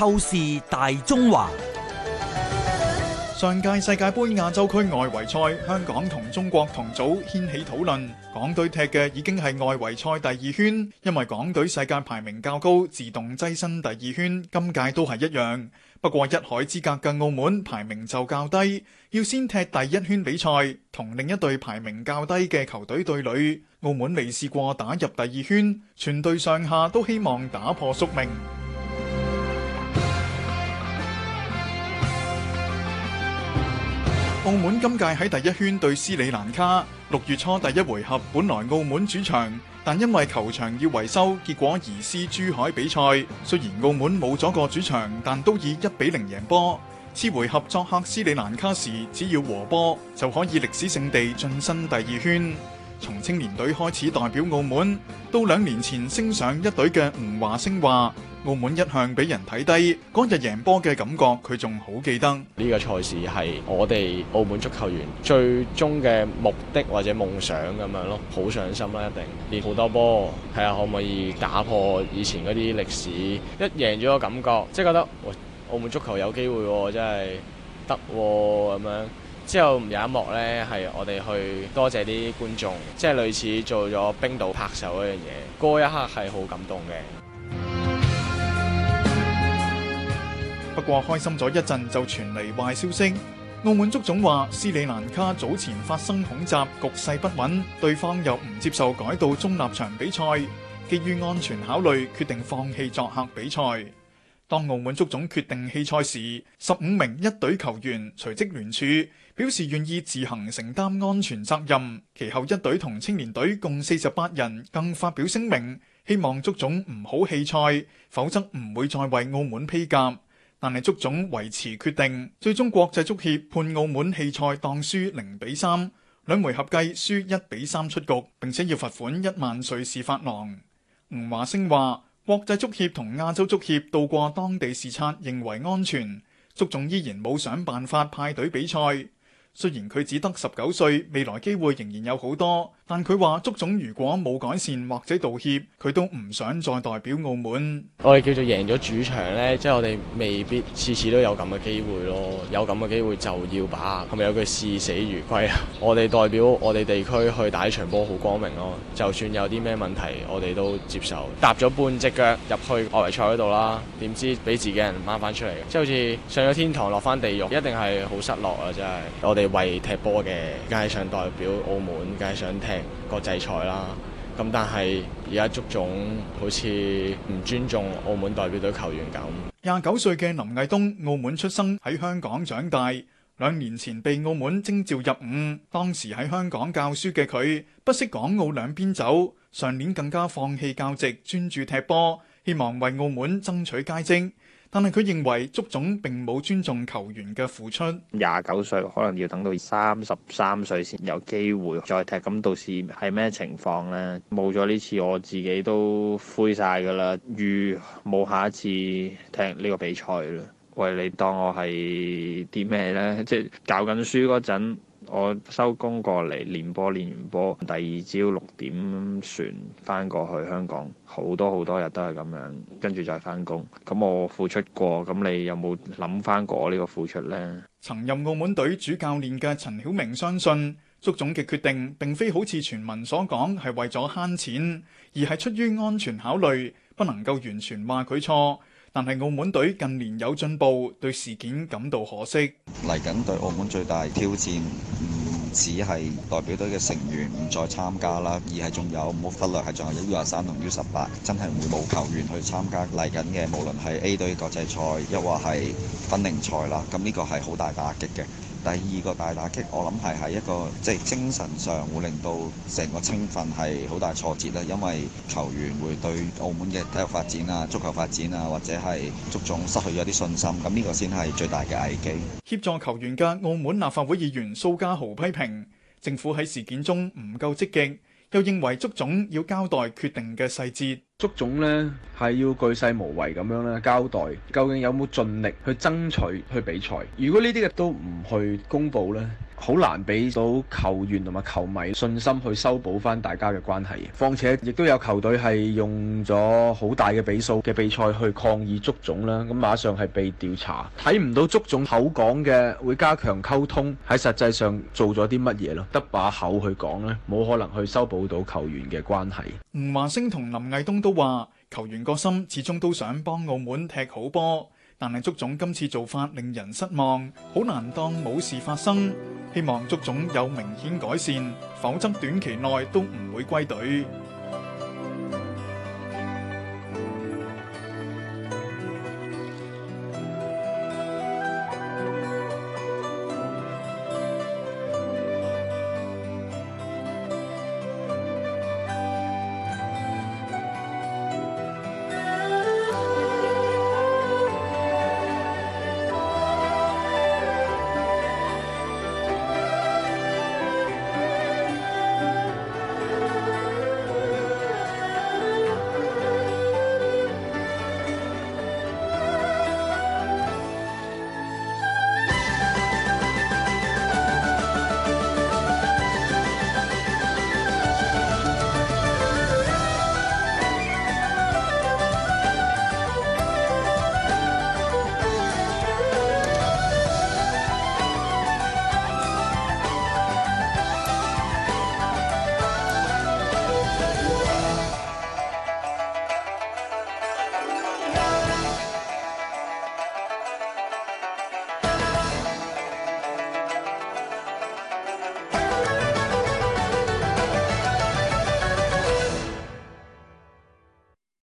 透視大中華。上屆世界杯亞洲區外圍賽，香港同中國同組掀起討論。港隊踢嘅已經係外圍賽第二圈，因為港隊世界排名較高，自動躋身第二圈。今屆都係一樣。不過一海之隔嘅澳門排名就較低，要先踢第一圈比賽，同另一隊排名較低嘅球隊對壘。澳門未試過打入第二圈，全隊上下都希望打破宿命。澳門今屆喺第一圈對斯里蘭卡，六月初第一回合本來澳門主場，但因為球場要維修，結果移師珠海比賽。雖然澳門冇咗個主場，但都以一比零贏波。次回合作客斯里蘭卡時，只要和波，就可以歷史性地晉身第二圈。從青年隊開始代表澳門，到兩年前升上一隊嘅吳華升話，澳門一向俾人睇低，嗰日贏波嘅感覺佢仲好記得。呢個賽事係我哋澳門足球員最終嘅目的或者夢想咁樣咯，好上心啦，一定練好多波，睇下可唔可以打破以前嗰啲歷史。一贏咗個感覺，即係覺得喂，澳門足球有機會，真係得咁樣。之後有一幕呢，係我哋去多謝啲觀眾，即係類似做咗冰島拍手嗰樣嘢。嗰一刻係好感動嘅。不過開心咗一陣，就傳嚟壞消息。澳門足總話，斯里蘭卡早前發生恐襲，局勢不穩，對方又唔接受改到中立場比賽，基於安全考慮，決定放棄作客比賽。當澳門足總決定棄賽時，十五名一隊球員隨即聯署。表示願意自行承擔安全責任。其後一隊同青年隊共四十八人更發表聲明，希望足總唔好棄賽，否則唔會再為澳門披甲。但係足總維持決定，最終國際足協判澳門棄賽，當輸零比三兩回合計輸一比三出局，並且要罰款一萬瑞士法郎。吳華升話：國際足協同亞洲足協到過當地視察，認為安全，足總依然冇想辦法派隊比賽。雖然佢只得十九歲，未來機會仍然有好多。但佢話，足總如果冇改善或者道歉，佢都唔想再代表澳門。我哋叫做贏咗主場呢，即係我哋未必次次都有咁嘅機會咯。有咁嘅機會就要把係咪有句視死如歸啊？ 我哋代表我哋地區去打呢場波好光明咯。就算有啲咩問題，我哋都接受。踏咗半隻腳入去外圍賽嗰度啦，點知俾自己人掹翻出嚟？即係好似上咗天堂落翻地獄，一定係好失落啊！真係，我哋為踢波嘅，梗係想代表澳門，梗係想踢。國際賽啦，咁但係而家足總好似唔尊重澳門代表隊球員咁。廿九歲嘅林毅東，澳門出生喺香港長大，兩年前被澳門征召入伍，當時喺香港教書嘅佢，不惜港澳兩邊走，上年更加放棄教職，專注踢波，希望為澳門爭取佳績。但係佢認為足總並冇尊重球員嘅付出。廿九歲可能要等到三十三歲先有機會再踢。咁到時係咩情況呢？冇咗呢次，我自己都灰晒㗎啦。預冇下一次踢呢個比賽啦。喂，你當我係啲咩呢？即係教緊書嗰陣。我收工過嚟練波，練完波第二朝六點船翻過去香港，好多好多日都係咁樣，跟住再係翻工。咁我付出過，咁你有冇諗翻過呢個付出呢？曾任澳門隊主教練嘅陳曉明相信，足總嘅決定並非好似傳聞所講係為咗慳錢，而係出於安全考慮，不能夠完全話佢錯。但係澳門隊近年有進步，對事件感到可惜。嚟緊對澳門最大挑戰唔只係代表隊嘅成員唔再參加啦，而係仲有唔好忽略係仲有 U 廿三同 U 十八，真係會冇球員去參加嚟緊嘅，無論係 A 隊國際賽抑或係分齡賽啦，咁呢個係好大打擊嘅。第二個大打擊，我諗係喺一個即係、就是、精神上會令到成個青訓係好大挫折啦，因為球員會對澳門嘅體育發展啊、足球發展啊，或者係足總失去咗啲信心，咁呢個先係最大嘅危機。協助球員嘅澳門立法會議員蘇嘉豪批評政府喺事件中唔夠積極。又認為足總要交代決定嘅細節，足總呢係要鉅細無遺咁樣咧交代，究竟有冇盡力去爭取去比賽？如果呢啲嘅都唔去公佈呢，好難俾到球員同埋球迷信心去修補返大家嘅關係，況且亦都有球隊係用咗好大嘅比數嘅比賽去抗議足總啦，咁馬上係被調查，睇唔到足總口講嘅會加強溝通，喺實際上做咗啲乜嘢咯？得把口去講咧，冇可能去修補到球員嘅關係。吳華星同林毅東都話：球員個心始終都想幫澳門踢好波。但係，足總今次做法令人失望，好難當冇事發生。希望足總有明顯改善，否則短期內都唔會歸隊。